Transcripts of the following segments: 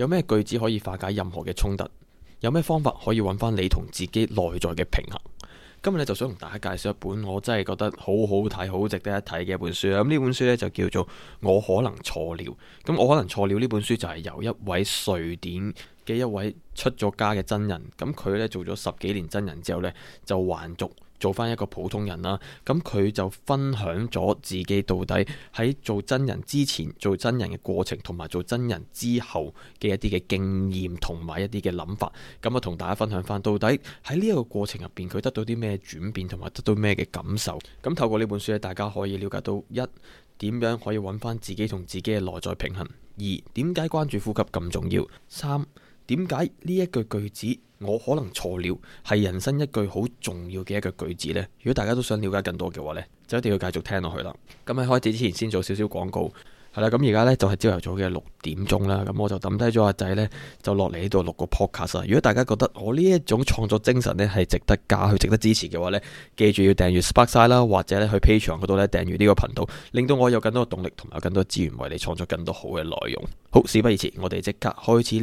有咩句子可以化解任何嘅衝突？有咩方法可以揾翻你同自己內在嘅平衡？今日呢，就想同大家介紹一本我真係覺得好好睇、好值得一睇嘅一本書啦。咁呢本書呢，就叫做《我可能錯了》。咁我可能錯了呢本書就係由一位瑞典嘅一位出咗家嘅僧人，咁佢呢，做咗十幾年僧人之後呢，就還俗。做翻一個普通人啦，咁佢就分享咗自己到底喺做真人之前、做真人嘅過程同埋做真人之後嘅一啲嘅經驗同埋一啲嘅諗法，咁啊同大家分享翻到底喺呢一個過程入邊佢得到啲咩轉變同埋得到咩嘅感受？咁透過呢本書咧，大家可以了解到一點樣可以揾翻自己同自己嘅內在平衡；二點解關注呼吸咁重要；三。點解呢一句句子我可能錯了，係人生一句好重要嘅一句句子呢？如果大家都想了解更多嘅話呢，就一定要繼續聽落去啦。咁喺開始之前，先做少少廣告係啦。咁而家呢，就係朝頭早嘅六點鐘啦。咁、嗯嗯、我就抌低咗阿仔呢，就落嚟呢度錄個 podcast。如果大家覺得我呢一種創作精神呢，係值得加，去，值得支持嘅話呢，記住要訂閱 Sparksine 啦，或者去 Patreon 度呢訂閱呢個頻道，令到我有更多嘅動力同埋更多資源為你創作更多好嘅內容。好，事不宜遲，我哋即刻開始。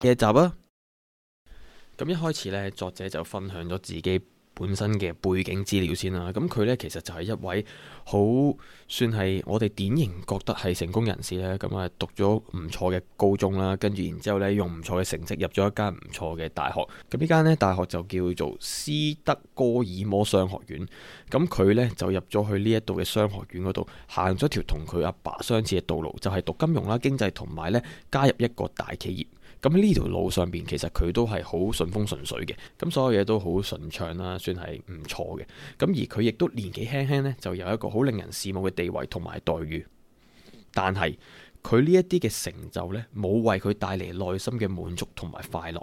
嘅集啊，咁一開始呢，作者就分享咗自己本身嘅背景資料先啦。咁佢呢，其實就係一位好算係我哋典型覺得係成功人士呢。咁啊，讀咗唔錯嘅高中啦，跟住然之後咧，用唔錯嘅成績入咗一間唔錯嘅大學。咁呢間呢，大學就叫做斯德哥爾摩商學院。咁佢呢，就入咗去呢一度嘅商學院嗰度，行咗條同佢阿爸相似嘅道路，就係讀金融啦、經濟，同埋呢，加入一個大企業。咁呢條路上邊，其實佢都係好順風順水嘅，咁所有嘢都好順暢啦，算係唔錯嘅。咁而佢亦都年紀輕輕呢，就有一個好令人羨慕嘅地位同埋待遇。但係佢呢一啲嘅成就呢，冇為佢帶嚟內心嘅滿足同埋快樂，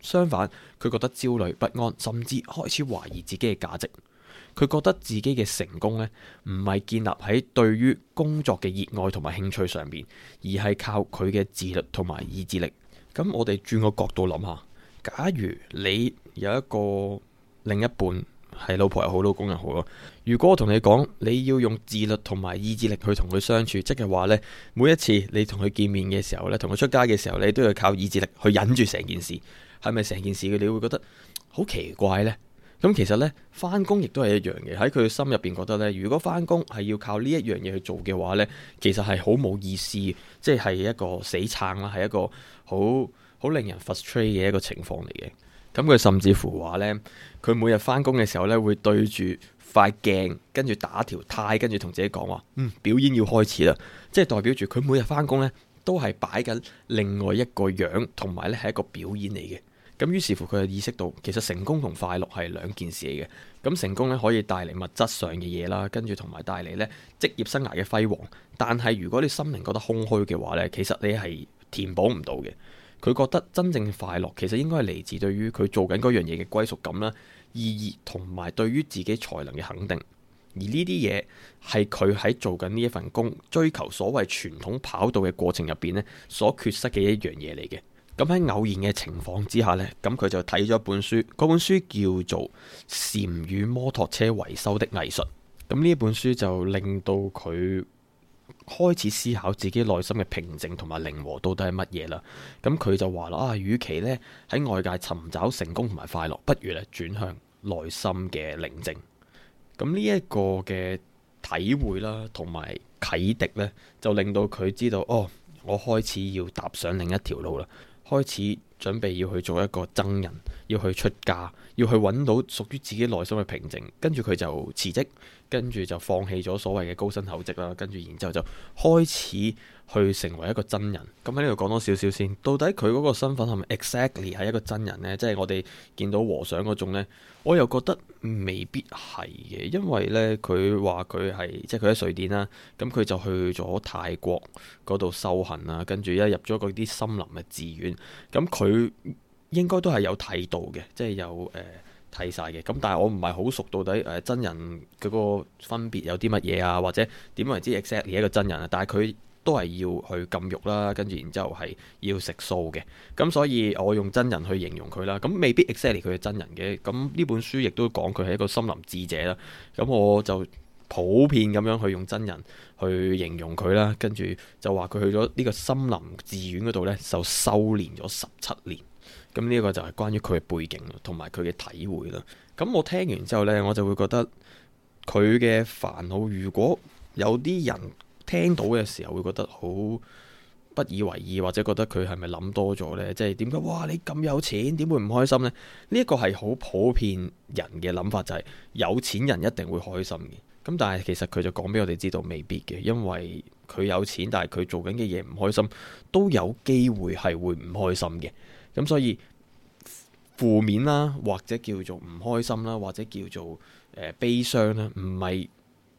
相反佢覺得焦慮不安，甚至開始懷疑自己嘅價值。佢覺得自己嘅成功呢，唔係建立喺對於工作嘅熱愛同埋興趣上邊，而係靠佢嘅自律同埋意志力。咁我哋轉個角度諗下，假如你有一個另一半，係老婆又好，老公又好咯。如果我同你講，你要用自律同埋意志力去同佢相處，即係話呢，每一次你同佢見面嘅時候咧，同佢出街嘅時候，你都要靠意志力去忍住成件事，係咪成件事你會覺得好奇怪呢？咁其實咧，翻工亦都係一樣嘅。喺佢心入邊覺得咧，如果翻工係要靠呢一樣嘢去做嘅話咧，其實係好冇意思，即係一個死撐啦，係一個好好令人 frustrate 嘅一個情況嚟嘅。咁佢甚至乎話咧，佢每日翻工嘅時候咧，會對住塊鏡，跟住打條呔，跟住同自己講話：嗯，表演要開始啦！即係代表住佢每日翻工咧，都係擺緊另外一個樣，同埋咧係一個表演嚟嘅。咁於是乎佢就意識到，其實成功同快樂係兩件事嚟嘅。咁成功咧可以帶嚟物質上嘅嘢啦，跟住同埋帶嚟咧職業生涯嘅輝煌。但係如果你心靈覺得空虛嘅話咧，其實你係填補唔到嘅。佢覺得真正快樂其實應該係嚟自對於佢做緊嗰樣嘢嘅歸屬感啦、意義同埋對於自己才能嘅肯定。而呢啲嘢係佢喺做緊呢一份工、追求所謂傳統跑道嘅過程入邊呢，所缺失嘅一樣嘢嚟嘅。咁喺偶然嘅情況之下呢，咁佢就睇咗一本書，嗰本書叫做《禪與摩托車維修的藝術》。咁呢本書就令到佢開始思考自己內心嘅平靜同埋靈和到底係乜嘢啦。咁佢就話啦，啊，與其呢喺外界尋找成功同埋快樂，不如呢轉向內心嘅寧靜。咁呢一個嘅體會啦，同埋啟迪呢，就令到佢知道，哦，我開始要踏上另一條路啦。開始準備要去做一個僧人，要去出家，要去搵到屬於自己內心嘅平靜。跟住佢就辭職。跟住就放棄咗所謂嘅高薪厚職啦，跟住然之後就開始去成為一個真人。咁喺呢度講多少少先，到底佢嗰個身份係咪 exactly 係一個真人呢？即係我哋見到和尚嗰種呢，我又覺得未必係嘅，因為呢，佢話佢係即係佢喺瑞典啦，咁佢就去咗泰國嗰度修行啦，跟住一入咗嗰啲森林嘅寺院，咁佢應該都係有睇到嘅，即係有誒。呃睇晒嘅，咁但係我唔係好熟到底誒真人嗰個分別有啲乜嘢啊，或者點為之 exactly 一個真人啊？但係佢都係要去禁慾啦，跟住然之後係要食素嘅，咁所以我用真人去形容佢啦，咁未必 exactly 佢係真人嘅，咁呢本書亦都講佢係一個森林智者啦，咁我就普遍咁樣去用真人去形容佢啦，跟住就話佢去咗呢個森林寺院嗰度呢，就修練咗十七年。咁呢一個就係關於佢嘅背景同埋佢嘅體會啦。咁我聽完之後呢，我就會覺得佢嘅煩惱，如果有啲人聽到嘅時候，會覺得好不以為意，或者覺得佢係咪諗多咗呢？即係點解？哇！你咁有錢，點會唔開心呢？呢一個係好普遍人嘅諗法，就係有錢人一定會開心嘅。咁但係其實佢就講俾我哋知道，未必嘅，因為佢有錢，但係佢做緊嘅嘢唔開心，都有機會係會唔開心嘅。咁所以負面啦，或者叫做唔開心啦，或者叫做誒悲傷啦，唔係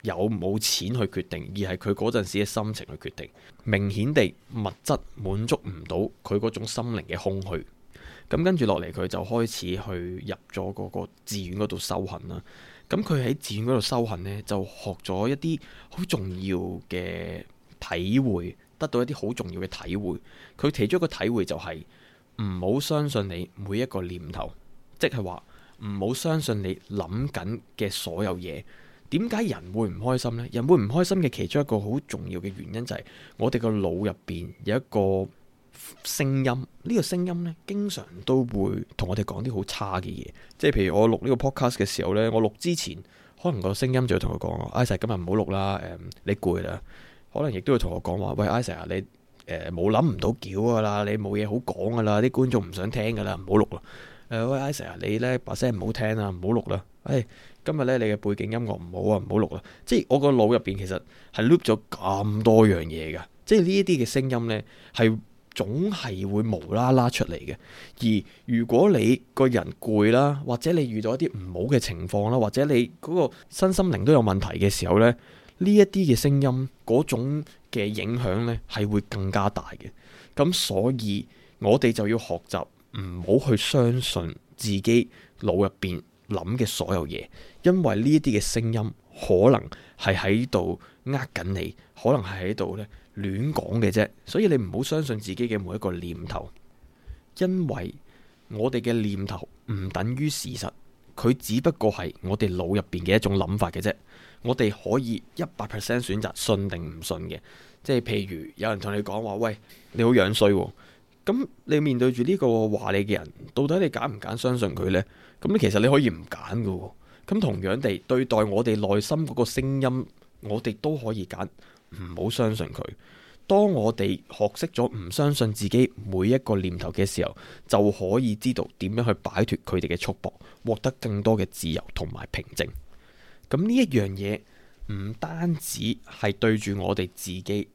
有冇錢去決定，而係佢嗰陣時嘅心情去決定。明顯地，物質滿足唔到佢嗰種心靈嘅空虛。咁跟住落嚟，佢就開始去入咗嗰個寺院嗰度修行啦。咁佢喺寺院嗰度修行呢，就學咗一啲好重要嘅體會，得到一啲好重要嘅體會。佢其中一個體會就係、是。唔好相信你每一個念頭，即係話唔好相信你諗緊嘅所有嘢。點解人會唔開心呢？人會唔開心嘅其中一個好重要嘅原因就係我哋個腦入邊有一個聲音，呢個聲音呢，經常都會同我哋講啲好差嘅嘢。即係譬如我錄呢個 podcast 嘅時候呢，我錄之前可能個聲音就會同佢講：，阿 Sa 今日唔好錄啦，誒，你攰啦。可能亦都會同我講話：，喂，阿 Sa 你。誒，冇諗唔到屌噶啦，你冇嘢好講噶啦，啲觀眾唔想聽噶啦，唔好錄啦。誒、呃，喂，Ish 啊，I se，你呢把聲唔好聽啦，唔好錄啦。誒、哎，今日呢，你嘅背景音樂唔好啊，唔好錄啦。即係我個腦入邊其實係 loop 咗咁多樣嘢噶，即係呢一啲嘅聲音呢，係總係會無啦啦出嚟嘅。而如果你個人攰啦，或者你遇到一啲唔好嘅情況啦，或者你嗰個身心靈都有問題嘅時候呢，呢一啲嘅聲音，嗰種嘅影響呢，係會更加大嘅。咁所以我哋就要學習唔好去相信自己腦入邊諗嘅所有嘢，因為呢一啲嘅聲音可能係喺度呃緊你，可能係喺度呢亂講嘅啫。所以你唔好相信自己嘅每一個念頭，因為我哋嘅念頭唔等於事實。佢只不過係我哋腦入邊嘅一種諗法嘅啫，我哋可以一百 percent 選擇信定唔信嘅。即係譬如有人同你講話，喂，你好樣衰喎，咁你面對住呢個話你嘅人，到底你揀唔揀相信佢呢？咁你其實你可以唔揀㗎。咁同樣地對待我哋內心嗰個聲音，我哋都可以揀唔好相信佢。當我哋學識咗唔相信自己每一個念頭嘅時候，就可以知道點樣去擺脫佢哋嘅束縛，獲得更多嘅自由同埋平靜。咁呢一樣嘢唔單止係對住我哋自己，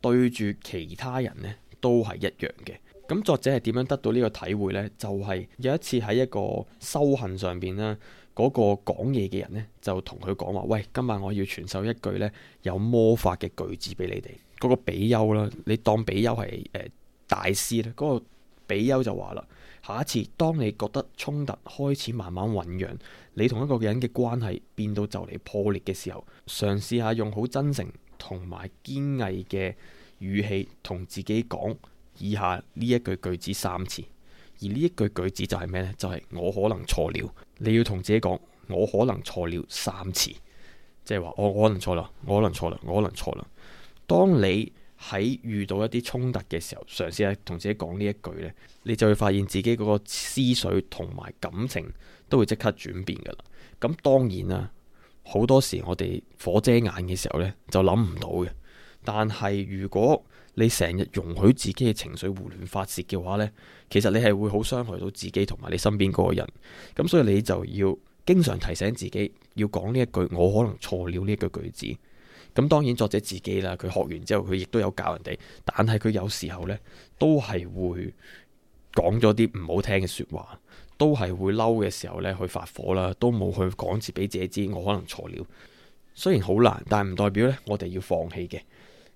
對住其他人呢都係一樣嘅。咁作者係點樣得到呢個體會呢？就係有一次喺一個修行上邊啦，嗰個講嘢嘅人呢，就同佢講話：喂，今晚我要傳授一句呢，有魔法嘅句子俾你哋。嗰個比丘啦，你當比丘係誒大師咧，嗰個比丘就話啦：下一次當你覺得衝突開始慢慢醖釀，你同一個人嘅關係變到就嚟破裂嘅時候，嘗試下用好真誠同埋堅毅嘅語氣同自己講以下呢一句句子三次。而呢一句句子就係咩呢？就係我可能錯了。你要同自己講：我可能錯了三次。即係話我可能錯啦，我可能錯啦，我可能錯啦。當你喺遇到一啲衝突嘅時候，嘗試係同自己講呢一句呢，你就會發現自己嗰個思緒同埋感情都會即刻轉變㗎喇。咁當然啦，好多時我哋火遮眼嘅時候呢就諗唔到嘅。但係如果你成日容許自己嘅情緒胡亂發泄嘅話呢，其實你係會好傷害到自己同埋你身邊嗰個人。咁所以你就要經常提醒自己，要講呢一句我可能錯了呢一句句子。咁當然作者自己啦，佢學完之後佢亦都有教人哋，但係佢有時候呢，都係會講咗啲唔好聽嘅說話，都係會嬲嘅時候呢，去發火啦，都冇去講，自己俾自己知我可能錯了。雖然好難，但係唔代表呢，我哋要放棄嘅。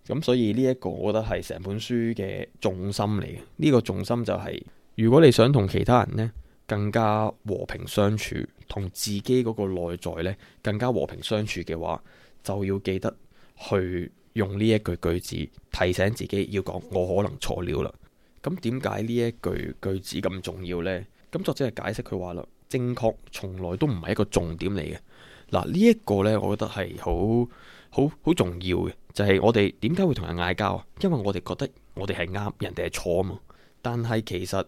咁所以呢一個我覺得係成本書嘅重心嚟嘅。呢個重心就係如果你想同其他人呢，更加和平相處，同自己嗰個內在呢，更加和平相處嘅話，就要記得。去用呢一句句子提醒自己要講，我可能錯了啦。咁點解呢一句句子咁重要咧？咁作者係解釋佢話啦，正確從來都唔係一個重點嚟嘅。嗱，這個、呢一個咧，我覺得係好好好重要嘅，就係、是、我哋點解會同人嗌交啊？因為我哋覺得我哋係啱，人哋係錯啊嘛。但係其實。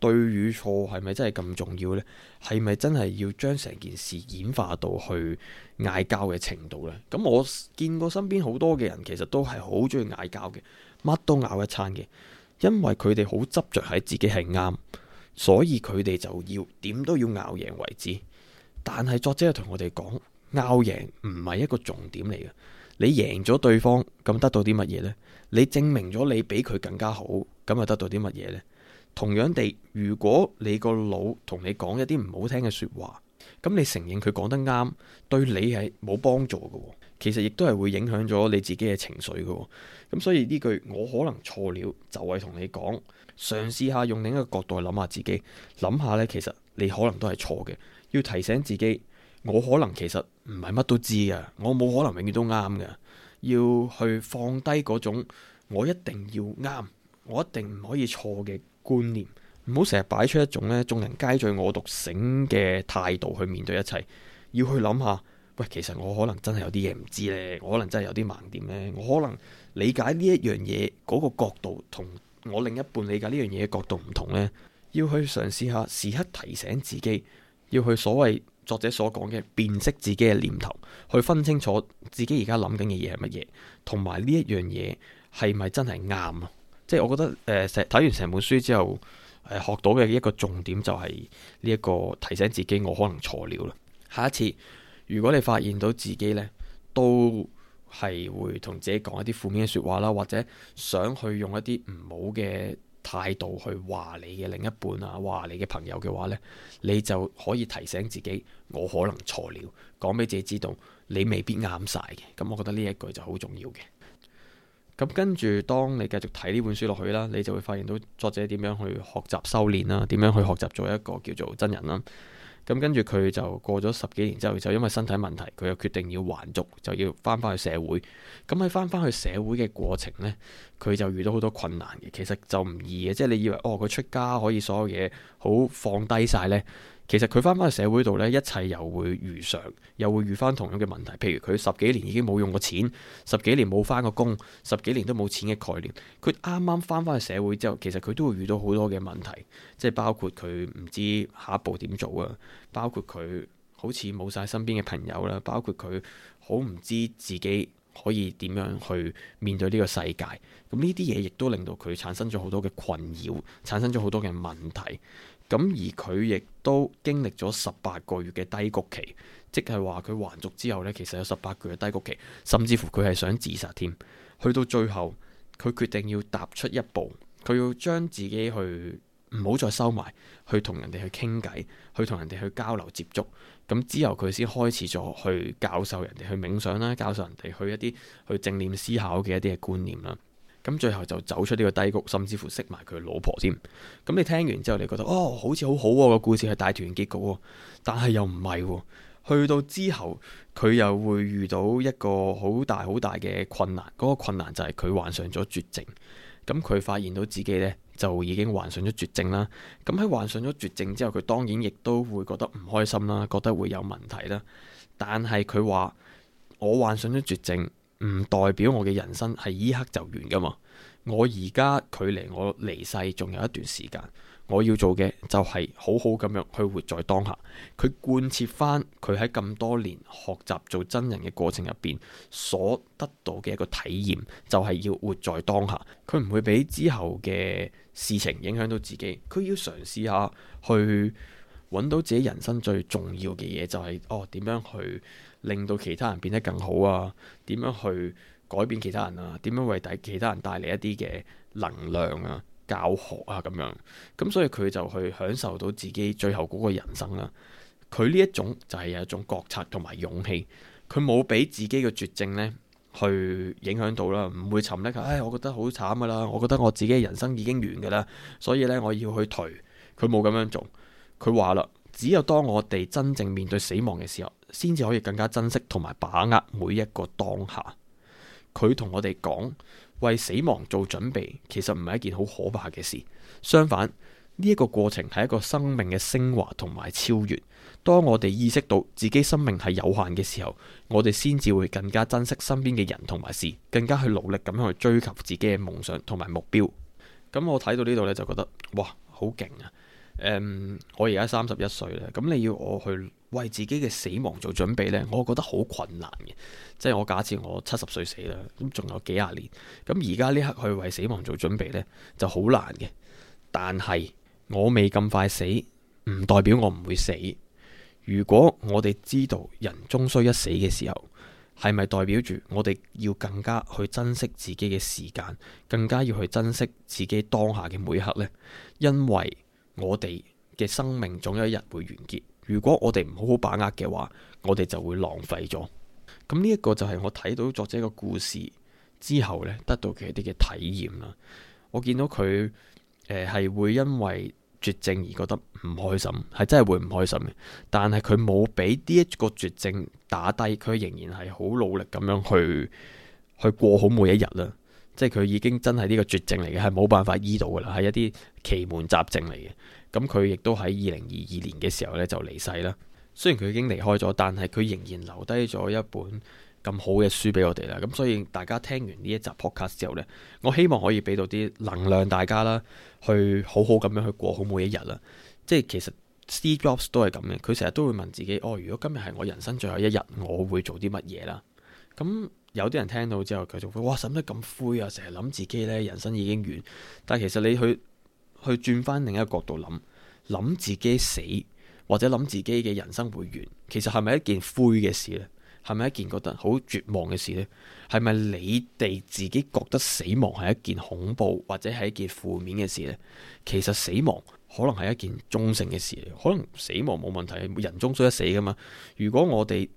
對與錯係咪真係咁重要呢？係咪真係要將成件事演化到去嗌交嘅程度呢？咁我見過身邊好多嘅人，其實都係好中意嗌交嘅，乜都拗一餐嘅，因為佢哋好執着喺自己係啱，所以佢哋就要點都要拗贏為止。但係作者同我哋講，拗贏唔係一個重點嚟嘅。你贏咗對方，咁得到啲乜嘢呢？你證明咗你比佢更加好，咁又得到啲乜嘢呢？同樣地，如果你個腦同你講一啲唔好聽嘅説話，咁你承認佢講得啱，對你係冇幫助嘅喎。其實亦都係會影響咗你自己嘅情緒嘅喎。咁所以呢句我可能錯了，就係同你講，嘗試下用另一個角度去諗下自己，諗下呢，其實你可能都係錯嘅。要提醒自己，我可能其實唔係乜都知嘅，我冇可能永遠都啱嘅。要去放低嗰種我一定要啱，我一定唔可以錯嘅觀念，唔好成日擺出一種咧，眾人皆醉我獨醒嘅態度去面對一切，要去諗下，喂，其實我可能真係有啲嘢唔知咧，我可能真係有啲盲點咧，我可能理解呢一樣嘢嗰個角度同我另一半理解呢樣嘢嘅角度唔同咧，要去嘗試下，時刻提醒自己，要去所謂作者所講嘅辨識自己嘅念頭，去分清楚自己而家諗緊嘅嘢係乜嘢，同埋呢一樣嘢係咪真係啱啊？即係我覺得，誒成睇完成本書之後，誒、呃、學到嘅一個重點就係呢一個提醒自己，我可能錯了啦。下一次，如果你發現到自己呢都係會同自己講一啲負面嘅説話啦，或者想去用一啲唔好嘅態度去話你嘅另一半啊，話你嘅朋友嘅話呢，你就可以提醒自己，我可能錯了，講俾自己知道，你未必啱晒嘅。咁我覺得呢一句就好重要嘅。咁跟住，當你繼續睇呢本書落去啦，你就會發現到作者點樣去學習修練啦，點樣去學習做一個叫做真人啦。咁跟住佢就過咗十幾年之後，就因為身體問題，佢又決定要還俗，就要翻翻去社會。咁喺翻翻去社會嘅過程呢，佢就遇到好多困難嘅。其實就唔易嘅，即係你以為哦，佢出家可以所有嘢好放低晒呢。其實佢翻返去社會度呢，一切又會如常，又會遇翻同樣嘅問題。譬如佢十幾年已經冇用過錢，十幾年冇翻過工，十幾年都冇錢嘅概念。佢啱啱翻返去社會之後，其實佢都會遇到好多嘅問題，即係包括佢唔知下一步點做啊，包括佢好似冇晒身邊嘅朋友啦，包括佢好唔知自己可以點樣去面對呢個世界。咁呢啲嘢亦都令到佢產生咗好多嘅困擾，產生咗好多嘅問題。咁而佢亦都經歷咗十八個月嘅低谷期，即係話佢還俗之後呢，其實有十八個月低谷期，甚至乎佢係想自殺添。去到最後，佢決定要踏出一步，佢要將自己去唔好再收埋，去同人哋去傾偈，去同人哋去交流接觸。咁之後佢先開始咗去教授人哋去冥想啦，教授人哋去一啲去正念思考嘅一啲嘅觀念啦。咁最後就走出呢個低谷，甚至乎識埋佢老婆添。咁你聽完之後，你覺得哦，好似好好喎，個故事係大團圓結局喎，但係又唔係喎。去到之後，佢又會遇到一個好大好大嘅困難。嗰個困難就係佢患上咗絕症。咁佢發現到自己呢，就已經患上咗絕症啦。咁喺患上咗絕症之後，佢當然亦都會覺得唔開心啦，覺得會有問題啦。但係佢話我患上咗絕症。唔代表我嘅人生係依刻就完噶嘛？我而家距離我離世仲有一段時間，我要做嘅就係好好咁樣去活在當下。佢貫徹翻佢喺咁多年學習做真人嘅過程入邊所得到嘅一個體驗，就係要活在當下。佢唔會俾之後嘅事情影響到自己。佢要嘗試下去揾到自己人生最重要嘅嘢，就係哦點樣去。令到其他人變得更好啊？點樣去改變其他人啊？點樣為第其他人帶嚟一啲嘅能量啊？教學啊咁樣，咁所以佢就去享受到自己最後嗰個人生啦。佢呢一種就係有一種覺察同埋勇氣，佢冇俾自己嘅絕症呢去影響到啦，唔會沉溺。唉、哎，我覺得好慘噶啦，我覺得我自己嘅人生已經完噶啦，所以呢，我要去退。佢冇咁樣做，佢話啦：只有當我哋真正面對死亡嘅時候，先至可以更加珍惜同埋把握每一個當下。佢同我哋講，為死亡做準備，其實唔係一件好可怕嘅事。相反，呢一個過程係一個生命嘅昇華同埋超越。當我哋意識到自己生命係有限嘅時候，我哋先至會更加珍惜身邊嘅人同埋事，更加去努力咁樣去追求自己嘅夢想同埋目標。咁我睇到呢度咧，就覺得哇，好勁啊！誒，我而家三十一歲啦，咁你要我去為自己嘅死亡做準備呢，我覺得好困難嘅。即係我假設我七十歲死啦，咁仲有幾廿年，咁而家呢刻去為死亡做準備呢，就好難嘅。但係我未咁快死，唔代表我唔會死。如果我哋知道人終須一死嘅時候，係咪代表住我哋要更加去珍惜自己嘅時間，更加要去珍惜自己當下嘅每一刻呢？因為我哋嘅生命總有一日會完結。如果我哋唔好好把握嘅話，我哋就會浪費咗。咁呢一個就係我睇到作者嘅故事之後，呢得到嘅一啲嘅體驗啦。我見到佢誒係會因為絕症而覺得唔開心，係真係會唔開心嘅。但係佢冇俾呢一個絕症打低，佢仍然係好努力咁樣去去過好每一日啦。即係佢已經真係呢個絕症嚟嘅，係冇辦法醫到噶啦，係一啲奇門雜症嚟嘅。咁佢亦都喺二零二二年嘅時候呢，就離世啦。雖然佢已經離開咗，但係佢仍然留低咗一本咁好嘅書俾我哋啦。咁所以大家聽完呢一集 podcast 之後呢，我希望可以俾到啲能量大家啦，去好好咁樣去過好每一日啦。即係其實 Steve Jobs 都係咁嘅，佢成日都會問自己：哦，如果今日係我人生最後一日，我會做啲乜嘢啦？咁有啲人聽到之後，佢就話：哇，使唔使咁灰啊？成日諗自己呢，人生已經完，但係其實你去去轉翻另一個角度諗。諗自己死，或者諗自己嘅人生會完，其實係咪一件灰嘅事呢？係咪一件覺得好絕望嘅事呢？係咪你哋自己覺得死亡係一件恐怖或者係一件負面嘅事呢？其實死亡可能係一件中性嘅事，嚟，可能死亡冇問題，人終須一死噶嘛。如果我哋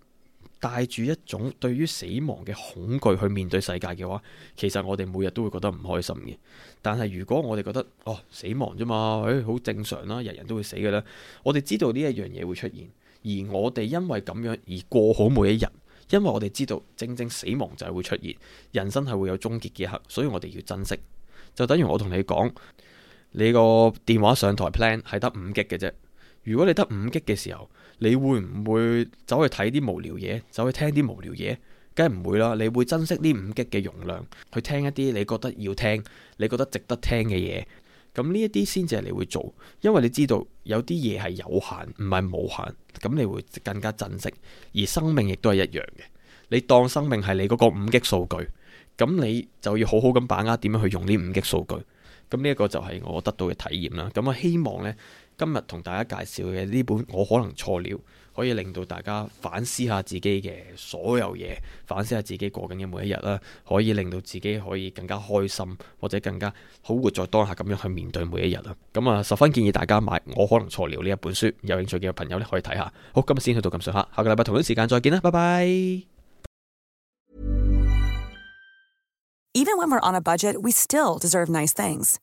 帶住一種對於死亡嘅恐懼去面對世界嘅話，其實我哋每日都會覺得唔開心嘅。但係如果我哋覺得哦死亡啫嘛，誒、哎、好正常啦，人人都會死嘅啦。我哋知道呢一樣嘢會出現，而我哋因為咁樣而過好每一日，因為我哋知道正正死亡就係會出現，人生係會有終結嘅一刻，所以我哋要珍惜。就等於我同你講，你個電話上台 plan 係得 5G 嘅啫。如果你得 5G 嘅時候，你會唔會走去睇啲無聊嘢，走去聽啲無聊嘢？梗係唔會啦！你會珍惜啲 5G 嘅容量，去聽一啲你覺得要聽、你覺得值得聽嘅嘢。咁呢一啲先至係你會做，因為你知道有啲嘢係有限，唔係無限。咁你會更加珍惜，而生命亦都係一樣嘅。你當生命係你嗰個 5G 數據，咁你就要好好咁把握點樣去用呢 5G 數據。咁呢一個就係我得到嘅體驗啦。咁我希望呢。今日同大家介紹嘅呢本我可能錯了，可以令到大家反思下自己嘅所有嘢，反思下自己過緊嘅每一日啦，可以令到自己可以更加開心，或者更加好活在當下咁樣去面對每一日啦。咁、嗯、啊，十分建議大家買《我可能錯了》呢一本書，有興趣嘅朋友咧可以睇下。好，今日先去到咁上下，下個禮拜同一時間再見啦，拜拜。Even when we're on a budget, we still deserve nice things.